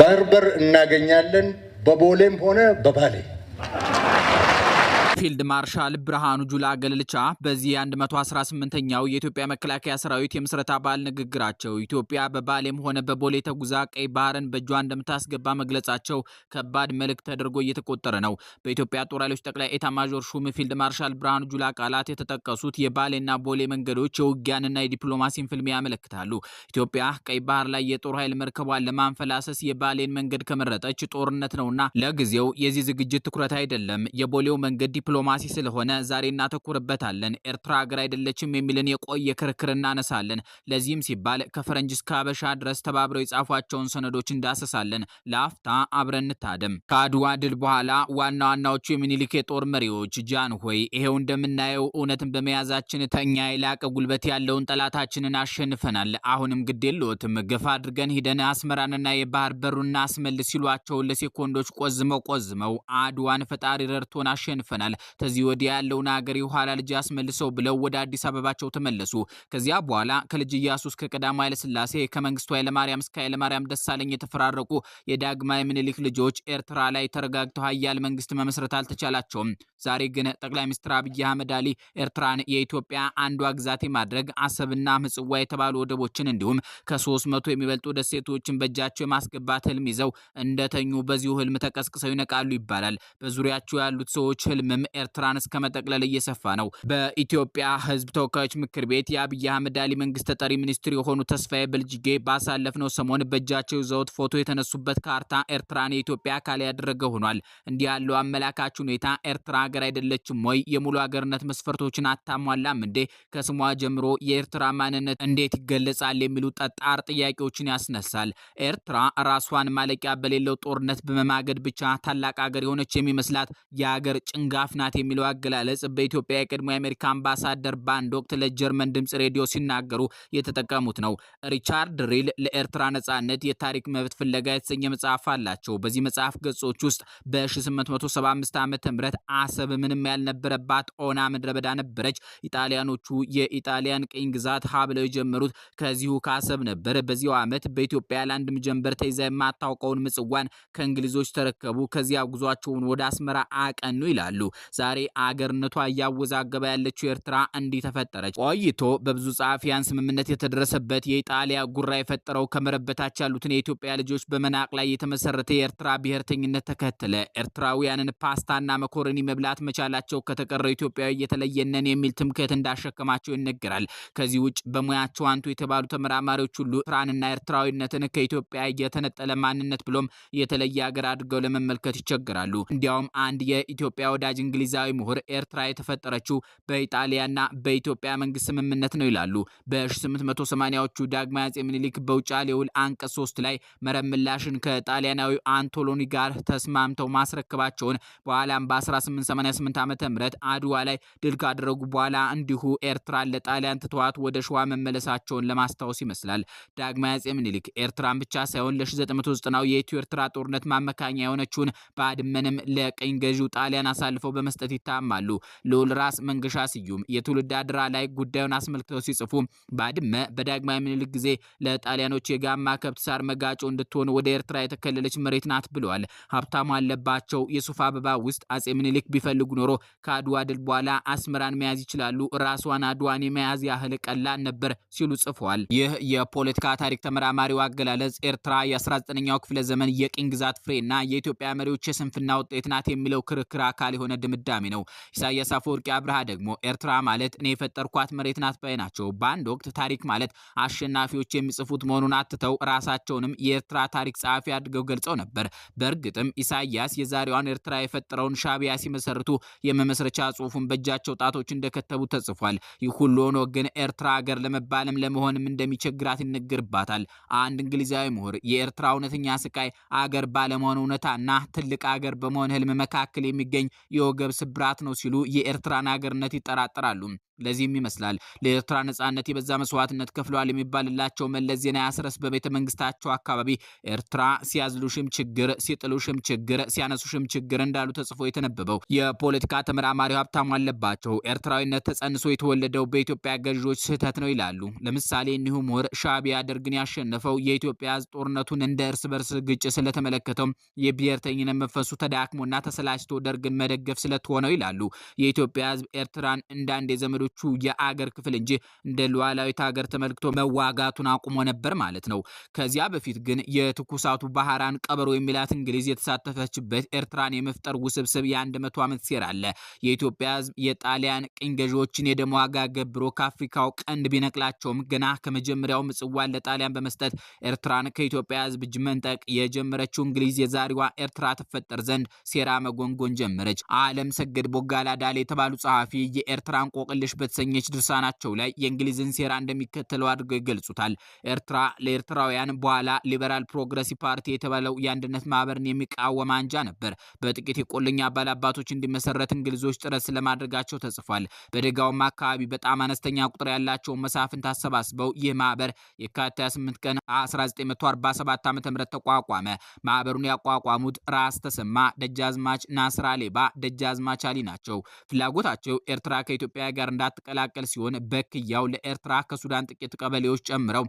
በርበር እናገኛለን። በቦሌም ሆነ በባሌ ፊልድ ማርሻል ብርሃኑ ጁላ ገለልቻ በዚህ የ118ኛው የኢትዮጵያ መከላከያ ሰራዊት የምስረታ በዓል ንግግራቸው ኢትዮጵያ በባሌም ሆነ በቦሌ ተጉዛ ቀይ ባህርን በእጇ እንደምታስገባ መግለጻቸው ከባድ መልእክት ተደርጎ እየተቆጠረ ነው። በኢትዮጵያ ጦር ኃይሎች ጠቅላይ ኤታማዦር ሹም ፊልድ ማርሻል ብርሃኑ ጁላ ቃላት የተጠቀሱት የባሌና ቦሌ መንገዶች የውጊያንና የዲፕሎማሲን ፍልሚያ ያመለክታሉ። ኢትዮጵያ ቀይ ባህር ላይ የጦር ኃይል መርከቧን ለማንፈላሰስ የባሌን መንገድ ከመረጠች ጦርነት ነውና ለጊዜው የዚህ ዝግጅት ትኩረት አይደለም። የቦሌው መንገድ ዲፕሎማሲ ስለሆነ ዛሬ እናተኩርበታለን። ኤርትራ ሀገር አይደለችም የሚልን የቆየ ክርክር እናነሳለን። ለዚህም ሲባል ከፈረንጅ እስከ አበሻ ድረስ ተባብረው የጻፏቸውን ሰነዶች እንዳሰሳለን። ለአፍታ አብረን እንታደም። ከአድዋ ድል በኋላ ዋና ዋናዎቹ የሚኒሊክ የጦር መሪዎች ጃንሆይ፣ ይሄው እንደምናየው እውነትን በመያዛችን ተኛ የላቀ ጉልበት ያለውን ጠላታችንን አሸንፈናል። አሁንም ግድ የለዎትም ገፋ አድርገን ሂደን አስመራንና የባህር በሩን እናስመልስ ሲሏቸውን ለሴኮንዶች ቆዝመው ቆዝመው አድዋን ፈጣሪ ረድቶን አሸንፈናል ተገኝተዋል። ከዚህ ወዲያ ያለውን አገር የኋላ ልጅ አስመልሰው ብለው ወደ አዲስ አበባቸው ተመለሱ። ከዚያ በኋላ ከልጅ ኢያሱ እስከ ቀዳማዊ ከመንግስቱ ኃይለማርያም እስከ ኃይለማርያም ደሳለኝ የተፈራረቁ የዳግማዊ ምኒልክ ልጆች ኤርትራ ላይ ተረጋግተው ሀያል መንግስት መመስረት አልተቻላቸውም። ዛሬ ግን ጠቅላይ ሚኒስትር አብይ አህመድ አሊ ኤርትራን የኢትዮጵያ አንዷ ግዛቴ ማድረግ አሰብና ምጽዋ የተባሉ ወደቦችን እንዲሁም ከሶስት መቶ የሚበልጡ ደሴቶችን በእጃቸው የማስገባት ህልም ይዘው እንደተኙ በዚሁ ህልም ተቀስቅሰው ይነቃሉ ይባላል። በዙሪያቸው ያሉት ሰዎች ህልምም ኤርትራን እስከ መጠቅለል እየሰፋ ነው። በኢትዮጵያ ህዝብ ተወካዮች ምክር ቤት የአብይ አህመድ አሊ መንግስት ተጠሪ ሚኒስትር የሆኑ ተስፋዬ በልጅጌ ባሳለፍነው ሰሞን በእጃቸው ይዘውት ፎቶ የተነሱበት ካርታ ኤርትራን የኢትዮጵያ አካል ያደረገ ሆኗል። እንዲህ ያለው አመላካች ሁኔታ ኤርትራ ሀገር አይደለችም ወይ? የሙሉ ሀገርነት መስፈርቶችን አታሟላም እንዴ? ከስሟ ጀምሮ የኤርትራ ማንነት እንዴት ይገለጻል? የሚሉ ጠጣር ጥያቄዎችን ያስነሳል። ኤርትራ ራሷን ማለቂያ በሌለው ጦርነት በመማገድ ብቻ ታላቅ ሀገር የሆነች የሚመስላት የሀገር ጭንጋፍ ናት የሚለው አገላለጽ በኢትዮጵያ የቀድሞ የአሜሪካ አምባሳደር በአንድ ወቅት ለጀርመን ድምፅ ሬዲዮ ሲናገሩ የተጠቀሙት ነው። ሪቻርድ ሪል ለኤርትራ ነጻነት የታሪክ መብት ፍለጋ የተሰኘ መጽሐፍ አላቸው። በዚህ መጽሐፍ ገጾች ውስጥ በ1875 ዓ ም አሰብ ምንም ያልነበረባት ኦና ምድረ በዳ ነበረች። ኢጣሊያኖቹ የኢጣሊያን ቅኝ ግዛት ሀ ብለው የጀመሩት ከዚሁ ከአሰብ ነበር። በዚያው ዓመት በኢትዮጵያ ለአንድ ምጀንበር ተይዛ የማታውቀውን ምጽዋን ከእንግሊዞች ተረከቡ። ከዚያ ጉዟቸውን ወደ አስመራ አቀኑ ይላሉ። ዛሬ አገርነቷ እያወዛገበ ያለችው ኤርትራ እንዲህ ተፈጠረች። ቆይቶ በብዙ ጸሐፊያን ስምምነት የተደረሰበት የኢጣሊያ ጉራ የፈጠረው ከመረብ በታች ያሉትን የኢትዮጵያ ልጆች በመናቅ ላይ የተመሰረተ የኤርትራ ብሔርተኝነት ተከተለ። ኤርትራውያንን ፓስታና መኮረኒ መብላት መቻላቸው ከተቀረው ኢትዮጵያዊ እየተለየነን የሚል ትምክህት እንዳሸከማቸው ይነገራል። ከዚህ ውጭ በሙያቸው አንቱ የተባሉ ተመራማሪዎች ሁሉ ኤርትራንና ኤርትራዊነትን ከኢትዮጵያ የተነጠለ ማንነት ብሎም የተለየ ሀገር አድርገው ለመመልከት ይቸገራሉ። እንዲያውም አንድ የኢትዮጵያ ወዳጅ እንግሊዛዊ ምሁር ኤርትራ የተፈጠረችው በኢጣሊያና በኢትዮጵያ መንግስት ስምምነት ነው ይላሉ። በ1880ዎቹ ዳግማዊ አፄ ምኒልክ በውጫሌ ውል አንቀጽ ሶስት ላይ መረብ ምላሽን ከጣሊያናዊ አንቶሎኒ ጋር ተስማምተው ማስረክባቸውን በኋላም በ1888 ዓ ም አድዋ ላይ ድል ካደረጉ በኋላ እንዲሁ ኤርትራን ለጣሊያን ትተዋት ወደ ሸዋ መመለሳቸውን ለማስታወስ ይመስላል። ዳግማዊ አፄ ምኒልክ ኤርትራን ብቻ ሳይሆን ለ1990ው የኢትዮ ኤርትራ ጦርነት ማመካኛ የሆነችውን ባድመንም ለቀኝ ገዢው ጣሊያን አሳልፈው በመስጠት ይታማሉ። ልዑል ራስ መንገሻ ስዩም የትውልድ አድራ ላይ ጉዳዩን አስመልክተው ሲጽፉ ባድመ በዳግማዊ ምኒልክ ጊዜ ለጣሊያኖች የጋማ ከብት ሳር መጋጮ እንድትሆን ወደ ኤርትራ የተከለለች መሬት ናት ብለዋል። ሀብታሙ አለባቸው የሱፍ አበባ ውስጥ አጼ ምኒልክ ቢፈልጉ ኖሮ ከአድዋ ድል በኋላ አስመራን መያዝ ይችላሉ፣ ራሷን አድዋን የመያዝ ያህል ቀላል ነበር ሲሉ ጽፏል። ይህ የፖለቲካ ታሪክ ተመራማሪው አገላለጽ ኤርትራ የ19ኛው ክፍለ ዘመን የቅኝ ግዛት ፍሬና የኢትዮጵያ መሪዎች የስንፍና ውጤት ናት የሚለው ክርክር አካል የሆነ ድምር ድምዳሜ ነው። ኢሳያስ አፈወርቂ አብርሃ ደግሞ ኤርትራ ማለት እኔ የፈጠርኳት መሬት ናት ባይ ናቸው። በአንድ ወቅት ታሪክ ማለት አሸናፊዎች የሚጽፉት መሆኑን አትተው ራሳቸውንም የኤርትራ ታሪክ ጸሐፊ አድርገው ገልጸው ነበር። በእርግጥም ኢሳያስ የዛሬዋን ኤርትራ የፈጠረውን ሻቢያ ሲመሰርቱ የመመስረቻ ጽሁፉን በእጃቸው ጣቶች እንደከተቡ ተጽፏል። ይህ ሁሉ ሆኖ ግን ኤርትራ ሀገር ለመባልም ለመሆንም እንደሚቸግራት ይነገርባታል። አንድ እንግሊዛዊ ምሁር የኤርትራ እውነተኛ ስቃይ አገር ባለመሆን እውነታና ትልቅ አገር በመሆን ህልም መካከል የሚገኝ የወ ወገብ ስብራት ነው ሲሉ የኤርትራን ሀገርነት ይጠራጠራሉ። ለዚህም ይመስላል ለኤርትራ ነጻነት የበዛ መስዋዕትነት ከፍለዋል የሚባልላቸው መለስ ዜና ያስረስ በቤተ መንግስታቸው አካባቢ ኤርትራ ሲያዝሉሽም ችግር፣ ሲጥሉሽም ችግር፣ ሲያነሱሽም ችግር እንዳሉ ተጽፎ የተነበበው የፖለቲካ ተመራማሪው ሀብታሙ አለባቸው ኤርትራዊነት ተጸንሶ የተወለደው በኢትዮጵያ ገዢዎች ስህተት ነው ይላሉ። ለምሳሌ እኒሁ ምሁር ሻዕቢያ ደርግን ያሸነፈው የኢትዮጵያ ዝ ጦርነቱን እንደ እርስ በርስ ግጭት ስለተመለከተው የብሔርተኝነት መንፈሱ ተዳክሞና ተሰላችቶ ደርግን መደገፍ ስለትሆነው ይላሉ። የኢትዮጵያ ህዝብ ኤርትራን እንዳንዴ የዘመዱ ሌሎቹ የአገር ክፍል እንጂ እንደ ሉዓላዊት ሀገር ተመልክቶ መዋጋቱን አቁሞ ነበር ማለት ነው። ከዚያ በፊት ግን የትኩሳቱ ባህራን ቀበሮ የሚላት እንግሊዝ የተሳተፈችበት ኤርትራን የመፍጠር ውስብስብ የአንድ መቶ ዓመት ሴራ አለ። የኢትዮጵያ ህዝብ የጣሊያን ቅኝ ገዢዎችን የደም ዋጋ ገብሮ ከአፍሪካው ቀንድ ቢነቅላቸውም ገና ከመጀመሪያው ምጽዋን ለጣሊያን በመስጠት ኤርትራን ከኢትዮጵያ ህዝብ እጅ መንጠቅ የጀመረችው እንግሊዝ የዛሬዋ ኤርትራ ትፈጠር ዘንድ ሴራ መጎንጎን ጀመረች። አለም ሰገድ ቦጋላ ዳሌ የተባሉ ጸሐፊ የኤርትራን ቆቅልሽ በተሰኘች ድርሳናቸው ላይ የእንግሊዝን ሴራ እንደሚከተለው አድርገው ይገልጹታል። ኤርትራ ለኤርትራውያን በኋላ ሊበራል ፕሮግረሲቭ ፓርቲ የተባለው የአንድነት ማህበርን የሚቃወም አንጃ ነበር። በጥቂት የቆልኛ ባላባቶች እንዲመሰረት እንግሊዞች ጥረት ስለማድረጋቸው ተጽፏል። በደጋውም አካባቢ በጣም አነስተኛ ቁጥር ያላቸውን መሳፍንት አሰባስበው ይህ ማህበር የካቲት 28 ቀን 1947 ዓ ም ተቋቋመ። ማህበሩን ያቋቋሙት ራስ ተሰማ፣ ደጃዝማች ናስራ ሌባ፣ ደጃዝማች አሊ ናቸው። ፍላጎታቸው ኤርትራ ከኢትዮጵያ ጋር እንዳ እንዳትቀላቀል ሲሆን በክያው ለኤርትራ ከሱዳን ጥቂት ቀበሌዎች ጨምረው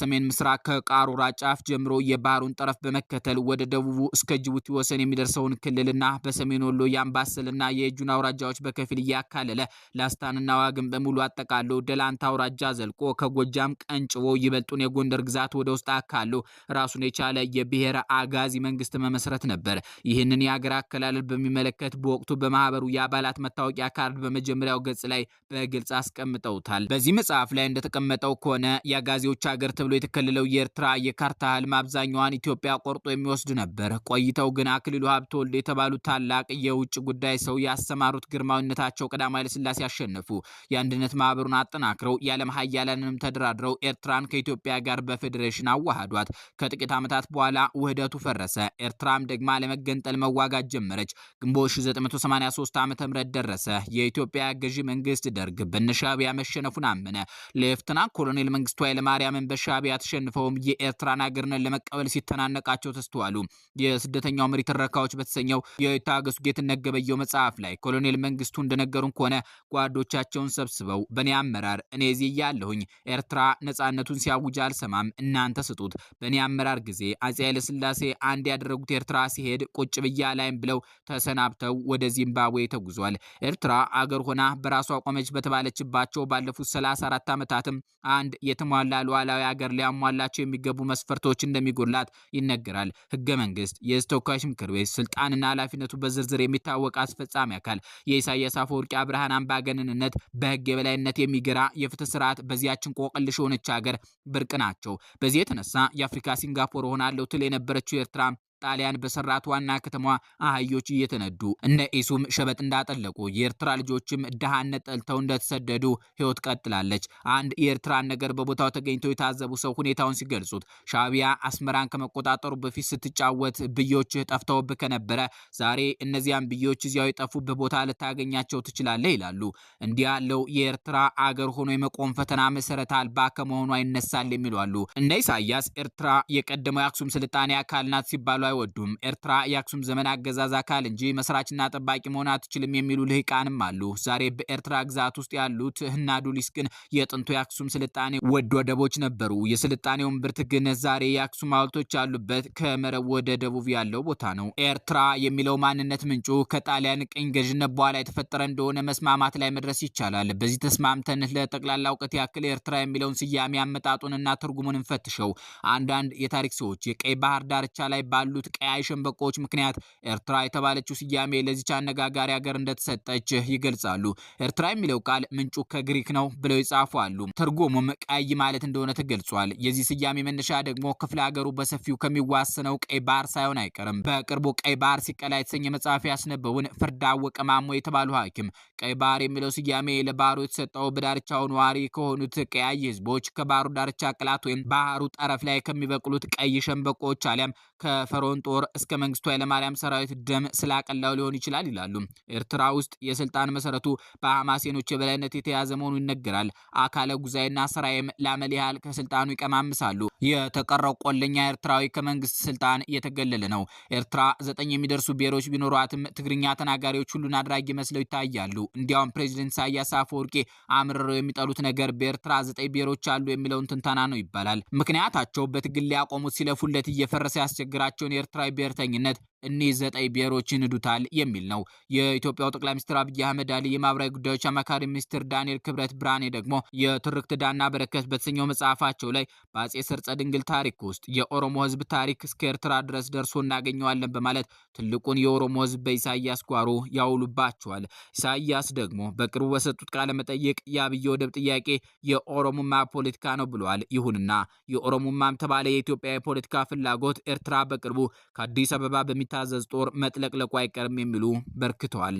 ሰሜን ምስራቅ ከቃሩራ ጫፍ ጀምሮ የባህሩን ጠረፍ በመከተል ወደ ደቡቡ እስከ ጅቡቲ ወሰን የሚደርሰውን ክልልና በሰሜን ወሎ የአምባሰልና የእጁን አውራጃዎች በከፊል እያካለለ ላስታንና ዋግን በሙሉ አጠቃሎ ደላንታ አውራጃ ዘልቆ ከጎጃም ቀንጭቦ ይበልጡን የጎንደር ግዛት ወደ ውስጥ አካሎ ራሱን የቻለ የብሔረ አጋዚ መንግስት መመስረት ነበር። ይህንን የሀገር አከላለል በሚመለከት በወቅቱ በማህበሩ የአባላት መታወቂያ ካርድ በመጀመሪያው ገጽ ላይ በግልጽ አስቀምጠውታል። በዚህ መጽሐፍ ላይ እንደተቀመጠው ከሆነ የአጋዜዎች ሀገር ተብሎ የተከለለው የኤርትራ የካርታ ህልም አብዛኛዋን ኢትዮጵያ ቆርጦ የሚወስድ ነበር። ቆይተው ግን አክሊሉ ሀብተወልድ የተባሉት ታላቅ የውጭ ጉዳይ ሰው ያሰማሩት ግርማዊነታቸው ቀዳማዊ ኃይለስላሴ ያሸነፉ የአንድነት ማህበሩን አጠናክረው የዓለም ሀያላንንም ተደራድረው ኤርትራን ከኢትዮጵያ ጋር በፌዴሬሽን አዋህዷት ከጥቂት ዓመታት በኋላ ውህደቱ ፈረሰ። ኤርትራም ደግማ ለመገንጠል መዋጋት ጀመረች። ግንቦት 1983 ዓ ም ደረሰ። የኢትዮጵያ ገዢ መንግስት ደርግ በነሻቢያ መሸነፉን አመነ። ሌፍትና ኮሎኔል መንግስቱ ኃይለማርያምን በሻቢያ ተሸንፈውም የኤርትራን ሀገርነን ለመቀበል ሲተናነቃቸው ተስተዋሉ። የስደተኛው መሪ ትረካዎች በተሰኘው የታገሱ ጌትነት ገበየው መጽሐፍ ላይ ኮሎኔል መንግስቱ እንደነገሩን ከሆነ ጓዶቻቸውን ሰብስበው በእኔ አመራር እኔ እዚህ እያለሁኝ ኤርትራ ነጻነቱን ሲያውጅ አልሰማም እናንተ ስጡት። በእኔ አመራር ጊዜ አፄ ኃይለስላሴ አንድ ያደረጉት ኤርትራ ሲሄድ ቁጭ ብያ ላይም ብለው ተሰናብተው ወደ ዚምባብዌ ተጉዟል። ኤርትራ አገር ሆና በራሷ ቆመ ተራመጅ በተባለችባቸው ባለፉት 34 ዓመታትም አንድ የተሟላ ሉዓላዊ ሀገር ሊያሟላቸው የሚገቡ መስፈርቶች እንደሚጎላት ይነገራል። ህገ መንግስት፣ የህዝብ ምክር ቤት፣ ስልጣንና ኃላፊነቱ በዝርዝር የሚታወቅ አስፈጻሚ አካል፣ የኢሳያስ አፈወርቂ አብርሃን አምባገነንነት፣ በህግ የበላይነት የሚገራ የፍትህ ስርዓት በዚያችን ቆቀልሽ የሆነች ሀገር ብርቅ ናቸው። በዚህ የተነሳ የአፍሪካ ሲንጋፖር ሆናለሁ ትል የነበረችው ኤርትራ ጣሊያን በሰራት ዋና ከተማ አህዮች እየተነዱ እነ ኢሱም ሸበጥ እንዳጠለቁ የኤርትራ ልጆችም ድሃነት ጠልተው እንደተሰደዱ ህይወት ቀጥላለች። አንድ የኤርትራን ነገር በቦታው ተገኝተው የታዘቡ ሰው ሁኔታውን ሲገልጹት ሻቢያ አስመራን ከመቆጣጠሩ በፊት ስትጫወት ብዮች ጠፍተውብ ከነበረ ዛሬ እነዚያን ብዮች እዚያው የጠፉብህ ቦታ ልታገኛቸው ትችላለህ ይላሉ። እንዲህ ያለው የኤርትራ አገር ሆኖ የመቆም ፈተና መሰረት አልባ ከመሆኑ አይነሳል የሚሉ አሉ። እነ ኢሳያስ ኤርትራ የቀደመው የአክሱም ስልጣኔ አካል ናት ሲባሉ አይወዱም። ኤርትራ የአክሱም ዘመን አገዛዝ አካል እንጂ መስራችና ጠባቂ መሆን አትችልም የሚሉ ልሂቃንም አሉ። ዛሬ በኤርትራ ግዛት ውስጥ ያሉት ህናዱሊስ ግን የጥንቱ የአክሱም ስልጣኔ ወድ ወደቦች ነበሩ። የስልጣኔውን ብርት ግን ዛሬ የአክሱም ሐውልቶች ያሉበት ከመረብ ወደ ደቡብ ያለው ቦታ ነው። ኤርትራ የሚለው ማንነት ምንጩ ከጣሊያን ቅኝ ገዥነት በኋላ የተፈጠረ እንደሆነ መስማማት ላይ መድረስ ይቻላል። በዚህ ተስማምተን ለጠቅላላ እውቀት ያክል ኤርትራ የሚለውን ስያሜ አመጣጡንና ትርጉሙን እንፈትሸው። አንዳንድ የታሪክ ሰዎች የቀይ ባህር ዳርቻ ላይ ባሉ ባሉት ቀያይ ሸንበቆዎች ምክንያት ኤርትራ የተባለችው ስያሜ ለዚች አነጋጋሪ ሀገር እንደተሰጠች ይገልጻሉ። ኤርትራ የሚለው ቃል ምንጩ ከግሪክ ነው ብለው ይጻፉ አሉ። ትርጉሙም ቀይ ማለት እንደሆነ ተገልጿል። የዚህ ስያሜ መነሻ ደግሞ ክፍለ ሀገሩ በሰፊው ከሚዋሰነው ቀይ ባህር ሳይሆን አይቀርም። በቅርቡ ቀይ ባህር ሲቀላ የተሰኘ መጽሐፍ ያስነበቡን አወቀ ማሞ የተባሉ ሐኪም ቀይ ባህር የሚለው ስያሜ ለባህሩ የተሰጠው በዳርቻው ነዋሪ ከሆኑት ቀያይ ህዝቦች ከባህሩ ዳርቻ ቅላት ወይም ባህሩ ጠረፍ ላይ ከሚበቅሉት ቀይ ሸንበቆች አሊያም ከፈሮ የኤርትራውን ጦር እስከ መንግስቱ ኃይለማርያም ሰራዊት ደም ስላቀላው ሊሆን ይችላል ይላሉ። ኤርትራ ውስጥ የስልጣን መሰረቱ በሐማሴኖች የበላይነት የተያዘ መሆኑ ይነገራል። አካለ ጉዛይና ስራይም ላመል ያህል ከስልጣኑ ይቀማምሳሉ። የተቀረው ቆለኛ ኤርትራዊ ከመንግስት ስልጣን እየተገለለ ነው። ኤርትራ ዘጠኝ የሚደርሱ ብሔሮች ቢኖሯትም ትግርኛ ተናጋሪዎች ሁሉን አድራጊ መስለው ይታያሉ። እንዲያውም ፕሬዚደንት ኢሳያስ አፈወርቂ አምርረው የሚጠሉት ነገር በኤርትራ ዘጠኝ ብሔሮች አሉ የሚለውን ትንተና ነው ይባላል። ምክንያታቸው በትግል ሊያቆሙት ሲለፉለት እየፈረሰ ያስቸግራቸውን የኤርትራ ብሔርተኝነት እኒህ ዘጠኝ ብሔሮች ይንዱታል የሚል ነው። የኢትዮጵያው ጠቅላይ ሚኒስትር አብይ አህመድ አሊ የማህበራዊ ጉዳዮች አማካሪ ሚኒስትር ዳንኤል ክብረት ብርሃኔ ደግሞ የትርክት ዳና በረከት በተሰኘው መጽሐፋቸው ላይ በአጼ ሰርጸ ድንግል ታሪክ ውስጥ የኦሮሞ ህዝብ ታሪክ እስከ ኤርትራ ድረስ ደርሶ እናገኘዋለን በማለት ትልቁን የኦሮሞ ህዝብ በኢሳያስ ጓሮ ያውሉባቸዋል። ኢሳያስ ደግሞ በቅርቡ በሰጡት ቃለ መጠይቅ የአብይ ወደብ ጥያቄ የኦሮሞማ ፖለቲካ ነው ብለዋል። ይሁንና የኦሮሞማም ተባለ የኢትዮጵያ የፖለቲካ ፍላጎት ኤርትራ በቅርቡ ከአዲስ አበባ በሚ የሚታዘዝ ጦር መጥለቅለቁ አይቀርም የሚሉ በርክተዋል።